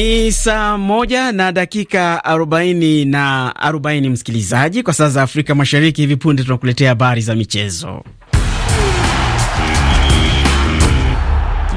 Ni saa moja na dakika arobaini na arobaini msikilizaji, kwa saa za Afrika Mashariki. Hivi punde tunakuletea habari za michezo.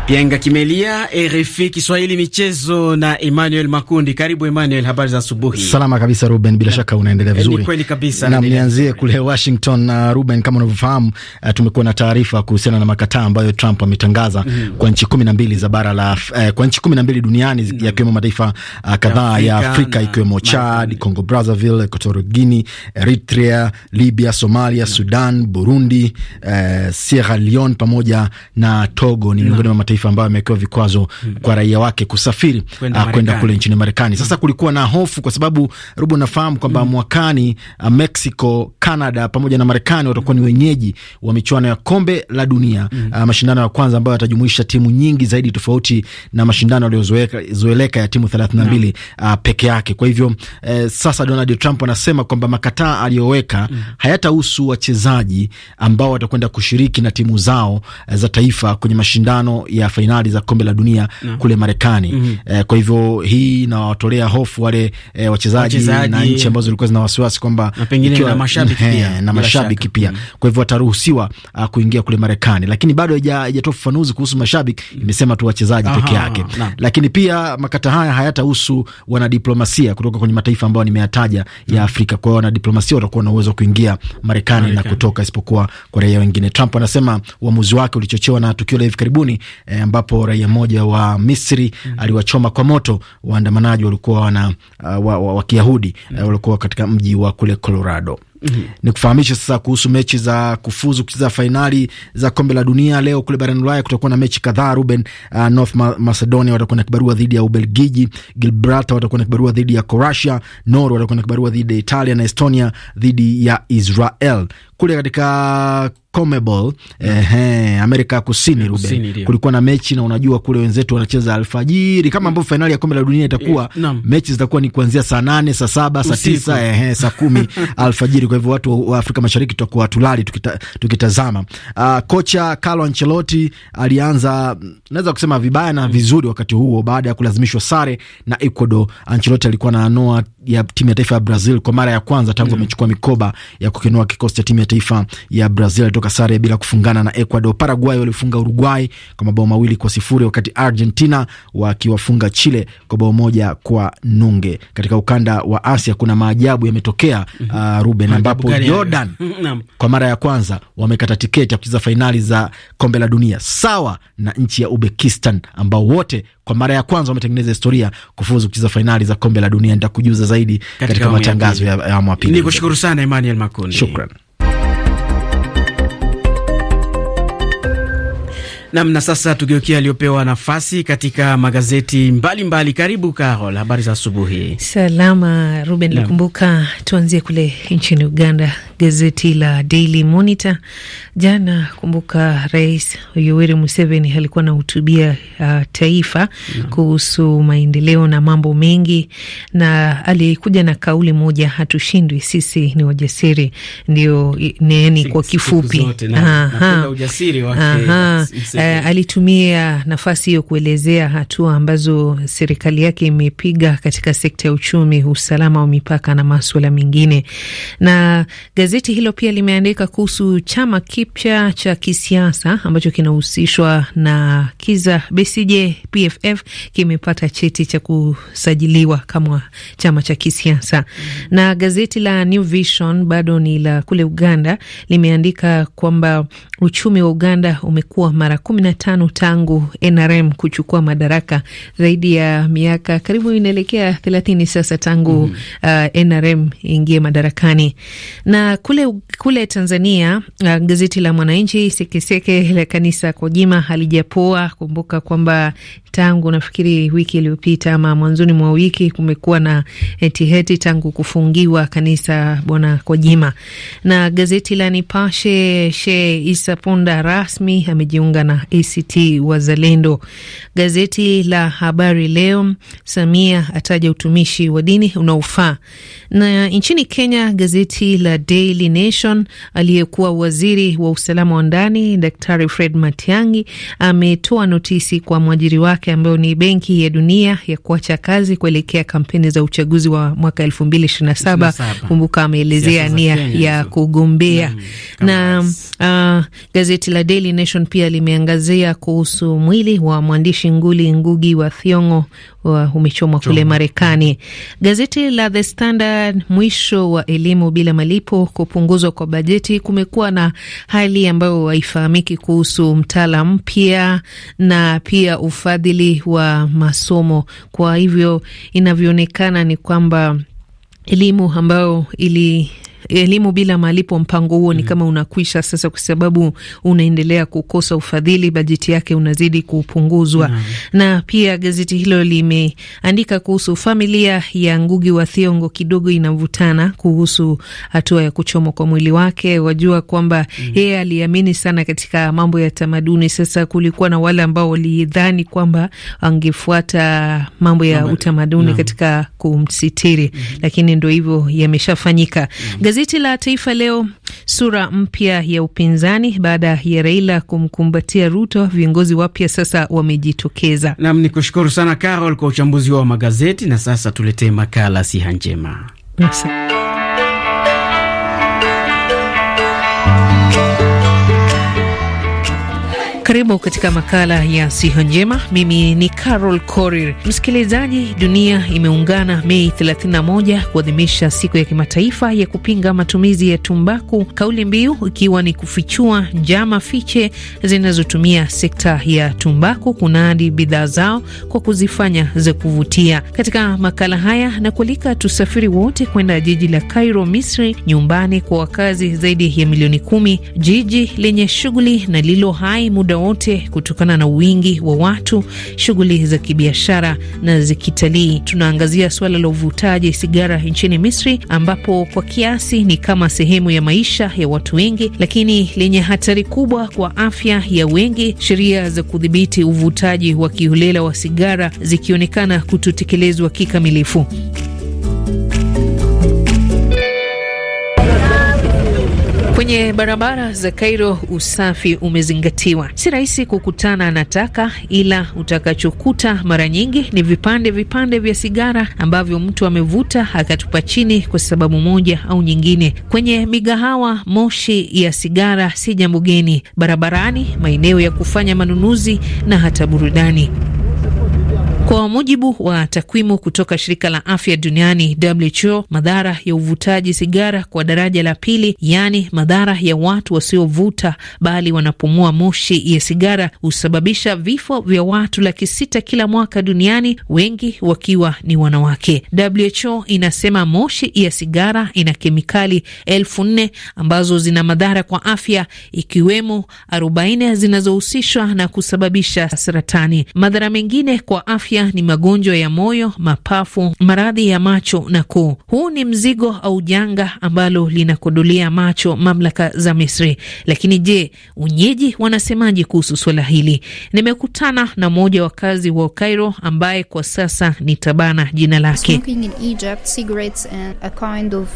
Pianga Kimelia, RFI Kiswahili Michezo na Emmanuel Makundi. Karibu Emmanuel, habari za asubuhi. Salama kabisa Ruben, bila shaka unaendelea eh, vizuri. Ni kweli kabisa. Na nianzie kule Washington na uh, Ruben, kama unavyofahamu uh, tumekuwa na taarifa kuhusiana na makataa ambayo Trump ametangaza mm. kwa nchi 12 za bara la uh, kwa nchi 12 duniani mm. yakiwemo mataifa uh, kadhaa ya Afrika ikiwemo Chad, Congo Brazzaville, Equatorial Guinea, Eritrea, Libya, Somalia, mm, Sudan, Burundi, uh, Sierra Leone pamoja na Togo ni miongoni mwa mataifa mataifa ambayo yamewekewa vikwazo mm. kwa raia wake kusafiri kwenda uh, kule nchini Marekani. Hmm. Sasa kulikuwa na hofu kwa sababu Rubu, nafahamu kwamba mm. mwakani uh, Mexico, Canada pamoja na Marekani watakuwa ni hmm. wenyeji wa michuano ya kombe la dunia mm. uh, mashindano ya kwanza ambayo yatajumuisha timu nyingi zaidi tofauti na mashindano yaliyozoeleka ya timu 32 uh, hmm. peke yake. Kwa hivyo eh, sasa Donald Trump anasema kwamba makataa aliyoweka mm. hayatahusu wachezaji ambao watakwenda kushiriki na timu zao eh, za taifa kwenye mashindano ya ya fainali za kombe la dunia na kule Marekani mm -hmm. E, kwa hivyo hii inawatolea hofu wale e, wachezaji na nchi ambazo zilikuwa zina wasiwasi kwamba na pengine na mashabiki eh, pia, na mashabiki pia. Mm -hmm. Kwa hivyo wataruhusiwa uh, kuingia kule Marekani, lakini bado haijatoa ufafanuzi kuhusu mashabiki, mhm. imesema tu wachezaji peke yake, lakini pia makata haya hayatahusu wanadiplomasia kutoka kwenye mataifa ambayo nimeyataja ya mhm. Afrika. Kwa hiyo wanadiplomasia watakuwa na uwezo wa kuingia Marekani na kutoka, isipokuwa kwa raia wengine. Trump anasema uamuzi wake ulichochewa na tukio la hivi karibuni e, ambapo raia mmoja wa Misri mm aliwachoma kwa moto waandamanaji walikuwa wana uh, wa, wa, wa Kiyahudi mm uh, walikuwa katika mji wa kule Colorado ni kufahamisha sasa kuhusu mechi za kufuzu kucheza fainali za kombe la dunia leo kule barani Ulaya kutakuwa na mechi kadhaa Ruben. Uh, North Macedonia watakuwa na kibarua dhidi ya Ubelgiji, Gibraltar watakuwa na kibarua dhidi ya Croatia, Nor watakuwa na kibarua dhidi ya Italia na Estonia dhidi ya Israel kule katika CONMEBOL eh, Amerika ya Kusini, Ruben, kulikuwa na mechi na unajua kule wenzetu wanacheza alfajiri kama ambavyo fainali ya kombe la dunia itakuwa, yeah, mechi zitakuwa ni kuanzia saa nane, saa saba, saa tisa, eh, saa kumi alfajiri Jumapili. Kwa hivyo watu wa Afrika Mashariki tutakuwa tulali tukita, tukitazama. Uh, kocha Carlo Ancelotti alianza naweza kusema vibaya na vizuri wakati huo baada ya kulazimishwa sare na Ecuador. Ancelotti alikuwa anaanoa ya timu ya taifa ya Brazil kwa mara ya kwanza tangu mm. amechukua mm. mikoba ya kukinua kikosi cha timu ya taifa ya Brazil. Alitoka sare bila kufungana na Ecuador. Paraguay walifunga Uruguay kwa mabao mawili kwa sifuri wakati Argentina wakiwafunga Chile kwa bao moja kwa nunge. Katika ukanda wa Asia kuna maajabu yametokea, mm -hmm. uh, Ruben, ambapo Jordan kwa mara ya kwanza wamekata tiketi ya kucheza fainali za kombe la dunia sawa na nchi ya Uzbekistan ambao wote kwa mara ya kwanza wametengeneza historia kufuzu kucheza fainali za kombe la dunia. Nitakujuza zaidi katika, katika matangazo ya awamu ya pili. kushukuru sana Emmanuel Makundi, shukran. na sasa, tugeukia aliyopewa nafasi katika magazeti mbalimbali mbali. Karibu Carol, habari za asubuhi. Salama Ruben Lukumbuka, tuanzie kule nchini Uganda. Gazeti la Daily Monitor jana, kumbuka, Rais Yoweri Museveni alikuwa anahutubia uh, taifa mm, kuhusu maendeleo na mambo mengi, na alikuja na kauli moja, hatushindwi sisi ni wajasiri, ndio neni kwa kifupi na, na ujasiri wake, uh, alitumia nafasi hiyo kuelezea hatua ambazo serikali yake imepiga katika sekta ya uchumi, usalama wa mipaka na maswala mengine na Gazeti hilo pia limeandika kuhusu chama kipya cha kisiasa ambacho kinahusishwa na Kiza Besije PFF kimepata cheti cha kusajiliwa kama chama cha kisiasa mm -hmm. Na gazeti la New Vision bado ni la kule Uganda limeandika kwamba uchumi wa Uganda umekuwa mara kumi na tano tangu NRM kuchukua madaraka, zaidi ya miaka karibu inaelekea thelathini sasa tangu mm -hmm. uh, NRM ingie madarakani na kule, kule Tanzania uh, gazeti la Mwananchi sekeseke la kanisa Kojima halijapoa. Kumbuka kwamba tangu nafikiri wiki iliyopita ama mwanzoni mwa wiki, kumekuwa na hetiheti eh, heti tangu kufungiwa kanisa Bwana Kojima. Na gazeti la Nipashe, she Isa Punda rasmi amejiunga na ACT Wazalendo. Gazeti la Habari Leo, Samia ataja utumishi wa dini unaofaa. Na nchini Kenya, gazeti la Daily Nation, aliyekuwa waziri wa usalama wa ndani Daktari Fred Matiang'i ametoa notisi kwa mwajiri wake yake ambayo ni Benki ya Dunia ya kuacha kazi kuelekea kampeni za uchaguzi wa mwaka elfu mbili ishirini na saba. Kumbuka ameelezea nia ya kugombea mm, na uh, gazeti la Daily Nation pia limeangazia kuhusu mwili wa mwandishi nguli Ngugi wa Thiong'o umechomwa kule Marekani. Gazeti la The Standard, mwisho wa elimu bila malipo, kupunguzwa kwa bajeti, kumekuwa na hali ambayo haifahamiki kuhusu mtaala mpya na pia ufadhili wa masomo. Kwa hivyo inavyoonekana ni kwamba elimu ambayo ili elimu bila malipo, mpango huo ni mm -hmm. kama unakwisha sasa, kwa sababu unaendelea kukosa ufadhili, bajeti yake unazidi kupunguzwa mm -hmm. na pia gazeti hilo limeandika kuhusu familia ya Ngugi wa Thiongo, kidogo inavutana kuhusu hatua ya kuchomwa kwa mwili wake. Wajua kwamba mhm. yeye mm -hmm. aliamini sana katika mambo ya tamaduni. Sasa kulikuwa na wale ambao walidhani kwamba angefuata mambo ya utamaduni katika kumsitiri mm -hmm. lakini ndo hivyo yameshafanyika mm -hmm. Gazeti la Taifa Leo, sura mpya ya upinzani baada ya Raila kumkumbatia Ruto, viongozi wapya sasa wamejitokeza. Nam ni kushukuru sana Carol kwa uchambuzi wao wa magazeti, na sasa tuletee makala siha njema. Yes. Karibu katika makala ya siha njema. Mimi ni Carol Korir. Msikilizaji, dunia imeungana Mei 31 kuadhimisha siku ya kimataifa ya kupinga matumizi ya tumbaku, kauli mbiu ikiwa ni kufichua njama fiche zinazotumia sekta ya tumbaku kunadi bidhaa zao kwa kuzifanya za kuvutia. Katika makala haya na kualika tusafiri wote kwenda jiji la Cairo, Misri, nyumbani kwa wakazi zaidi ya milioni kumi, jiji lenye shughuli na lilo hai muda muda wote kutokana na wingi wa watu, shughuli za kibiashara na za kitalii. Tunaangazia suala la uvutaji sigara nchini Misri, ambapo kwa kiasi ni kama sehemu ya maisha ya watu wengi, lakini lenye hatari kubwa kwa afya ya wengi, sheria za kudhibiti uvutaji wa kiholela wa sigara zikionekana kutotekelezwa kikamilifu. Kwenye barabara za kairo usafi umezingatiwa. Si rahisi kukutana na taka, ila utakachokuta mara nyingi ni vipande vipande vya sigara ambavyo mtu amevuta akatupa chini kwa sababu moja au nyingine. Kwenye migahawa, moshi ya sigara si jambo geni, barabarani, maeneo ya kufanya manunuzi na hata burudani. Kwa mujibu wa takwimu kutoka shirika la afya duniani WHO, madhara ya uvutaji sigara kwa daraja la pili, yaani madhara ya watu wasiovuta bali wanapumua moshi ya sigara, husababisha vifo vya watu laki sita kila mwaka duniani, wengi wakiwa ni wanawake. WHO inasema moshi ya sigara ina kemikali elfu nne ambazo zina madhara kwa afya, ikiwemo 40 zinazohusishwa na kusababisha saratani. Madhara mengine kwa afya afya ni magonjwa ya moyo, mapafu, maradhi ya macho na koo. Huu ni mzigo au janga ambalo linakodolea macho mamlaka za Misri. Lakini je, wenyeji wanasemaje kuhusu swala hili? Nimekutana na mmoja wa wakazi wa Cairo ambaye kwa sasa ni tabana jina lake.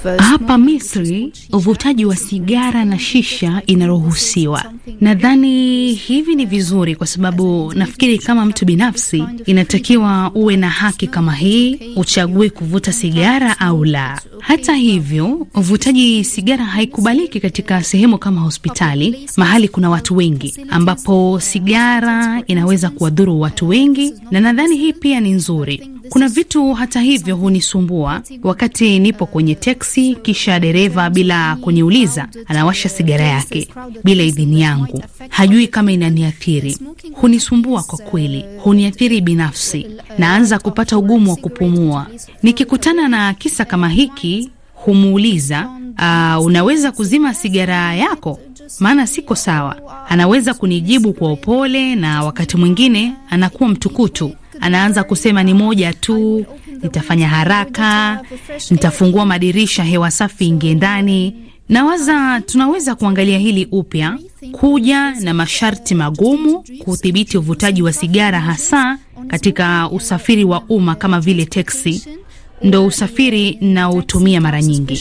Uh, Hapa Misri uvutaji wa sigara na shisha inaruhusiwa. Nadhani hivi ni vizuri, kwa sababu nafikiri kama mtu binafsi inatakiwa unatakiwa uwe na haki kama hii, uchague kuvuta sigara au la. Hata hivyo, uvutaji sigara haikubaliki katika sehemu kama hospitali, mahali kuna watu wengi, ambapo sigara inaweza kuwadhuru watu wengi, na nadhani hii pia ni nzuri. Kuna vitu hata hivyo hunisumbua wakati nipo kwenye teksi, kisha dereva bila kuniuliza anawasha sigara yake bila idhini yangu, hajui kama inaniathiri. Hunisumbua kwa kweli, huniathiri binafsi, naanza kupata ugumu wa kupumua. Nikikutana na kisa kama hiki, humuuliza uh, unaweza kuzima sigara yako maana siko sawa. Anaweza kunijibu kwa upole na wakati mwingine anakuwa mtukutu anaanza kusema ni moja tu, nitafanya haraka, nitafungua madirisha, hewa safi ingie ndani. Nawaza tunaweza kuangalia hili upya, kuja na masharti magumu kudhibiti uvutaji wa sigara, hasa katika usafiri wa umma kama vile teksi ndo usafiri na utumia mara nyingi.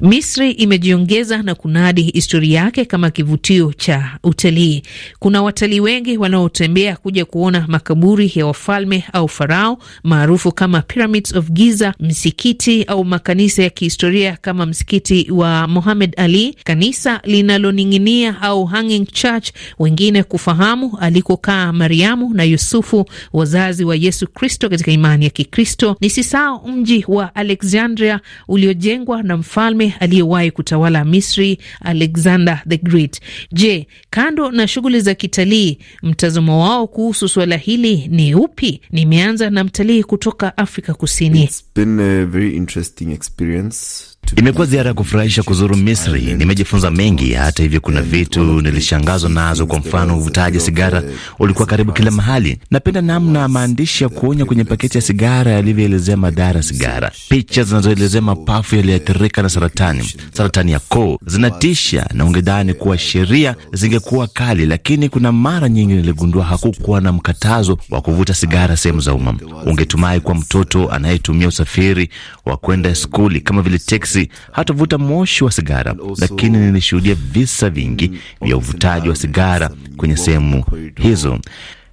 Misri imejiongeza na kunadi historia yake kama kivutio cha utalii. Kuna watalii wengi wanaotembea kuja kuona makaburi ya wafalme au farao maarufu kama Pyramids of Giza, msikiti au makanisa ya kihistoria kama msikiti wa Mohamed Ali, kanisa linaloning'inia au hanging church, wengine kufahamu alikokaa Mariamu na Yusufu, wazazi wa Yesu Kristo katika imani ya Kikristo nisisahau mji wa Alexandria uliojengwa na mfalme aliyewahi kutawala Misri, Alexander the Great. Je, kando na shughuli za kitalii, mtazamo wao kuhusu suala hili ni upi? Nimeanza na mtalii kutoka Afrika Kusini. It's been a very interesting experience. Imekuwa ziara ya kufurahisha kuzuru Misri. Nimejifunza mengi. Hata hivyo, kuna vitu nilishangazwa nazo. Kwa mfano, uvutaji sigara ulikuwa karibu kila mahali. Napenda namna maandishi ya kuonya kwenye paketi ya sigara yalivyoelezea madhara sigara, picha zinazoelezea mapafu yaliyoathirika na saratani, saratani ya koo zinatisha, na ungedhani kuwa sheria zingekuwa kali, lakini kuna mara nyingi niligundua hakukuwa na mkatazo wa kuvuta sigara sehemu za umma. Ungetumai kwa mtoto anayetumia usafiri wa kwenda skuli kama vile teksi binafsi hatavuta moshi wa sigara, lakini nilishuhudia visa vingi vya uvutaji wa sigara kwenye sehemu hizo.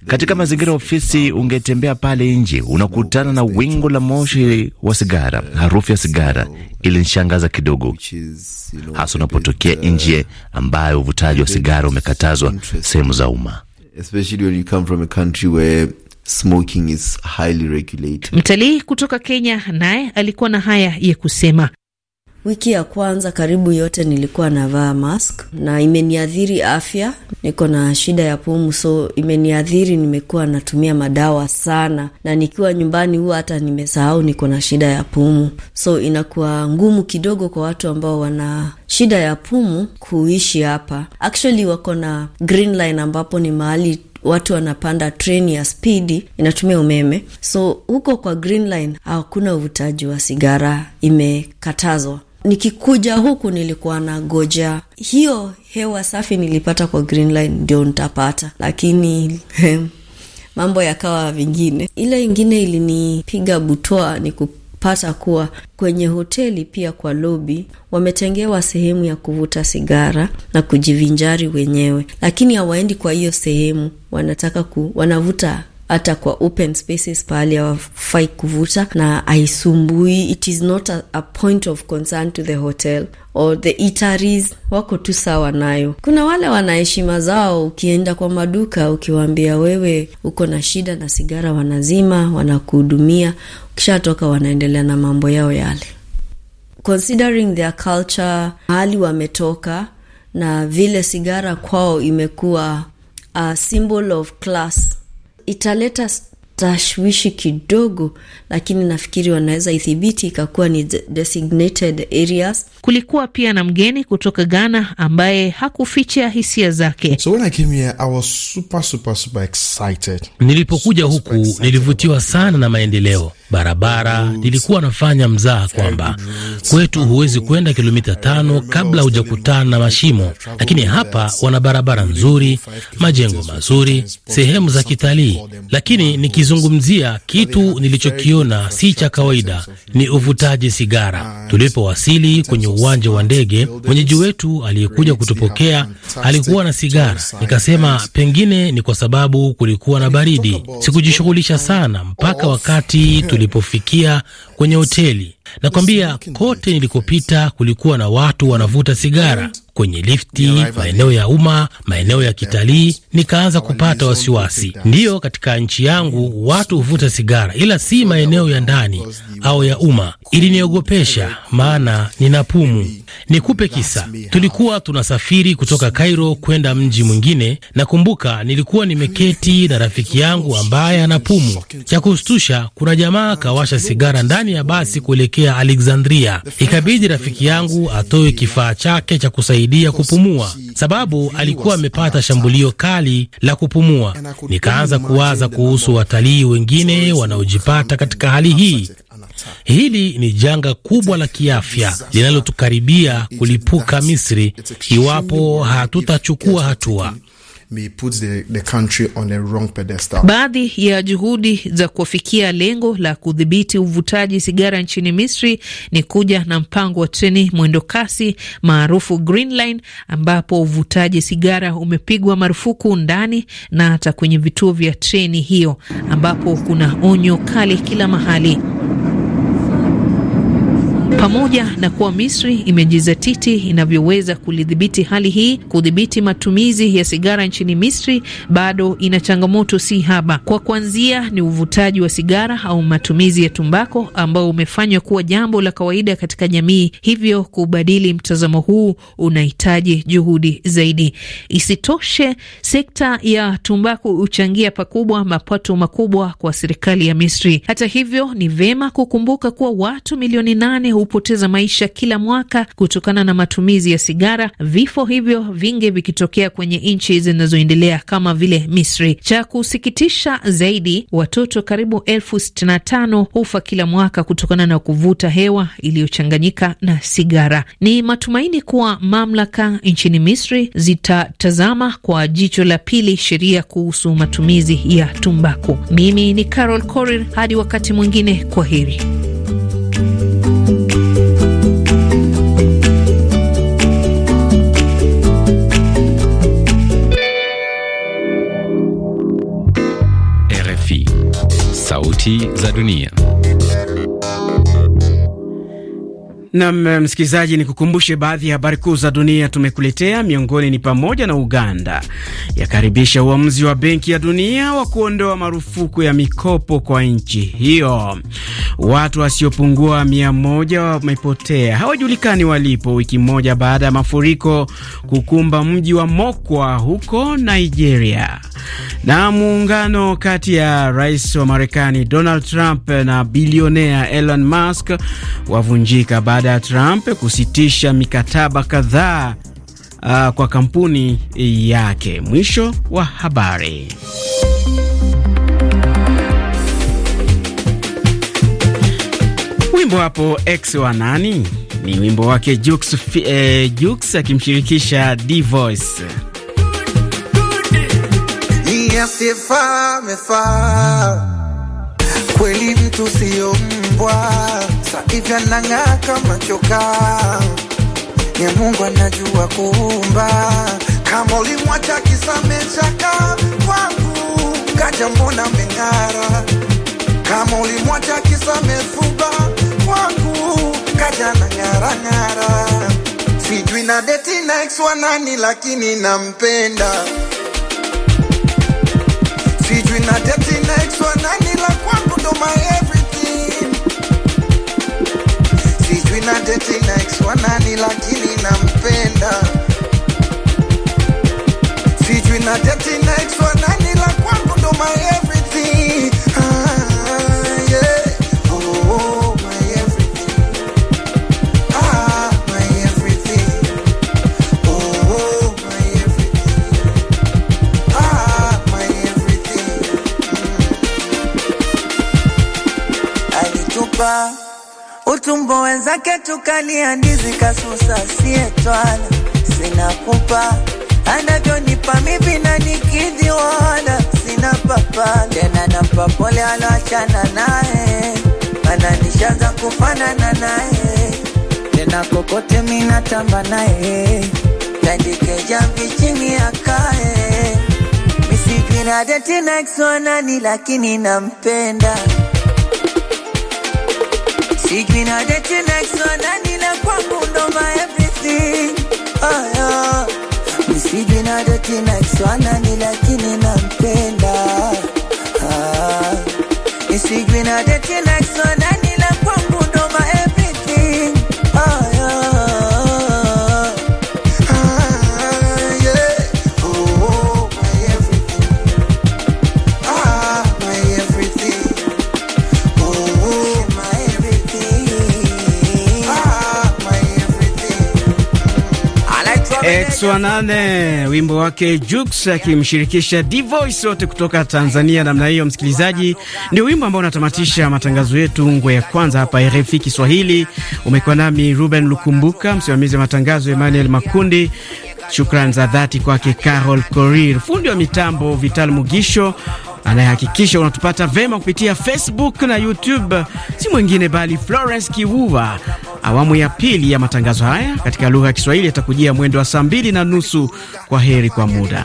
Katika mazingira ya ofisi, ungetembea pale nje, unakutana na wingu la moshi wa sigara. Harufu ya sigara ilinishangaza kidogo, hasa unapotokea nje ambayo uvutaji wa sigara umekatazwa sehemu za umma. Mtalii kutoka Kenya naye alikuwa na haya ya kusema. Wiki ya kwanza karibu yote nilikuwa navaa mask na imeniadhiri afya. Niko na shida ya pumu, so imeniadhiri. Nimekuwa natumia madawa sana, na nikiwa nyumbani huwa hata nimesahau niko na shida ya pumu, so inakuwa ngumu kidogo kwa watu ambao wana shida ya pumu kuishi hapa. Actually wako na Green Line ambapo ni mahali watu wanapanda treni ya spidi inatumia umeme, so huko kwa Green Line hakuna uvutaji wa sigara, imekatazwa nikikuja huku nilikuwa na goja hiyo hewa safi nilipata kwa green line ndio nitapata lakini mambo yakawa vingine ile ingine ilinipiga butoa ni kupata kuwa kwenye hoteli pia kwa lobi wametengewa sehemu ya kuvuta sigara na kujivinjari wenyewe lakini hawaendi kwa hiyo sehemu wanataka ku, wanavuta hata kwa open spaces pahali hawafai kuvuta na aisumbui It is not a, a point of concern to the hotel or the eateries, wako tu sawa nayo. Kuna wale wanaheshima zao, ukienda kwa maduka ukiwaambia wewe uko na shida na sigara, wanazima wanakuhudumia, ukishatoka wanaendelea na mambo yao yale, considering their culture, mahali wametoka na vile sigara kwao imekuwa a symbol of class italeta tashwishi kidogo, lakini nafikiri wanaweza idhibiti ikakuwa ni designated areas. Kulikuwa pia na mgeni kutoka Ghana ambaye hakuficha hisia zake. So when I came here, I was super, super, super excited. Nilipokuja huku nilivutiwa sana na maendeleo barabara. Nilikuwa nafanya mzaha kwamba kwetu huwezi kwenda kilomita tano kabla hujakutana na mashimo, lakini hapa wana barabara nzuri, majengo mazuri, sehemu za kitalii. Lakini nikizungumzia kitu nilichokiona si cha kawaida, ni uvutaji sigara. Tulipowasili kwenye uwanja wa ndege, mwenyeji wetu aliyekuja kutupokea alikuwa na sigara. Nikasema pengine ni kwa sababu kulikuwa na baridi, sikujishughulisha sana mpaka wakati tuli alipofikia kwenye hoteli Nakwambia, kote nilikopita kulikuwa na watu wanavuta sigara kwenye lifti, maeneo ya umma, maeneo ya kitalii. Nikaanza kupata wasiwasi. Ndiyo, katika nchi yangu watu huvuta sigara, ila si maeneo ya ndani au ya umma. Iliniogopesha maana nina pumu. Nikupe kisa, tulikuwa tunasafiri kutoka Kairo kwenda mji mwingine. Nakumbuka nilikuwa nimeketi na rafiki yangu ambaye ana pumu. Cha kustusha, kuna jamaa kawasha sigara ndani ya basi kuelekea kuelekea Alexandria. Ikabidi rafiki yangu atoe kifaa chake cha kusaidia kupumua, sababu alikuwa amepata shambulio kali la kupumua. Nikaanza kuwaza kuhusu watalii wengine wanaojipata katika hali hii. Hili ni janga kubwa la kiafya linalotukaribia kulipuka Misri iwapo hatutachukua hatua may put the, the country on wrong pedestal. Baadhi ya juhudi za kuwafikia lengo la kudhibiti uvutaji sigara nchini Misri ni kuja na mpango wa treni mwendo kasi maarufu Green Line, ambapo uvutaji sigara umepigwa marufuku ndani na hata kwenye vituo vya treni hiyo, ambapo kuna onyo kali kila mahali. Pamoja na kuwa Misri imejizatiti inavyoweza kulidhibiti hali hii, kudhibiti matumizi ya sigara nchini Misri bado ina changamoto si haba. Kwa kuanzia, ni uvutaji wa sigara au matumizi ya tumbako ambao umefanywa kuwa jambo la kawaida katika jamii, hivyo kubadili mtazamo huu unahitaji juhudi zaidi. Isitoshe, sekta ya tumbaku huchangia pakubwa mapato makubwa kwa serikali ya Misri. Hata hivyo, ni vema kukumbuka kuwa watu milioni nane hupoteza maisha kila mwaka kutokana na matumizi ya sigara, vifo hivyo vingi vikitokea kwenye nchi zinazoendelea kama vile Misri. Cha kusikitisha zaidi, watoto karibu elfu sitini na tano hufa kila mwaka kutokana na kuvuta hewa iliyochanganyika na sigara. Ni matumaini kuwa mamlaka nchini Misri zitatazama kwa jicho la pili sheria kuhusu matumizi ya tumbaku. Mimi ni Carol Korir, hadi wakati mwingine, kwa heri. Sardinien. Nam eh, msikilizaji, ni kukumbushe baadhi ya habari kuu za dunia tumekuletea. Miongoni ni pamoja na Uganda yakaribisha uamuzi wa Benki ya Dunia wa kuondoa marufuku ya mikopo kwa nchi hiyo. Watu wasiopungua mia moja wamepotea hawajulikani walipo, wiki moja baada ya mafuriko kukumba mji wa Mokwa huko Nigeria. Na muungano kati ya rais wa Marekani Donald Trump na bilionea Elon Musk wavunjika baada baada ya Trump kusitisha mikataba kadhaa uh, kwa kampuni yake. Mwisho wa habari. Wimbo hapo X wa nani? Ni wimbo wake Jux, eh, Jux akimshirikisha D-Voice. Asiyefaa amefaa, kweli mtu sio mbwa sasa hivi ananga kama choka, ni Mungu anajua kuumba. Kama ulimwacha kisame chaka kwangu, kaja mbona mengara. Kama ulimwacha kisame fuba kwangu, kaja na ngara ngara. Sijui na deti na ex wanani, lakini nampenda. Sijui na deti na ex wanani, la kwangu ndo maye sina deti na ex wa nani, lakini nampenda. Sijui na deti na ex wa nani, la kwangu ndo my everything. Ah, yeah. Bye. tumbo wenzake tukalia ndizi kasusa sietwala sina kupa anavyonipa mivi na nikidhi wala sina papa tena nampa pole aloachana naye ananishaza kufanana naye tena kokote minatamba naye tandikeja vichini akae misijwinadetinaxwanani lakini nampenda One oh, and Alex wimbo wake Jux akimshirikisha D-Voice wote kutoka Tanzania. Namna hiyo, msikilizaji, ndio wimbo ambao unatamatisha matangazo yetu ngwe ya kwanza hapa RFI Kiswahili. Umekuwa nami Ruben Lukumbuka, msimamizi wa matangazo Emmanuel Makundi. Shukrani za dhati kwake Carol Korir, fundi wa mitambo Vital Mugisho anayehakikisha unatupata vema kupitia Facebook na YouTube si mwingine bali Florence Kivuva. Awamu ya pili ya matangazo haya katika lugha ya Kiswahili yatakujia mwendo wa saa mbili na nusu. Kwa heri kwa muda.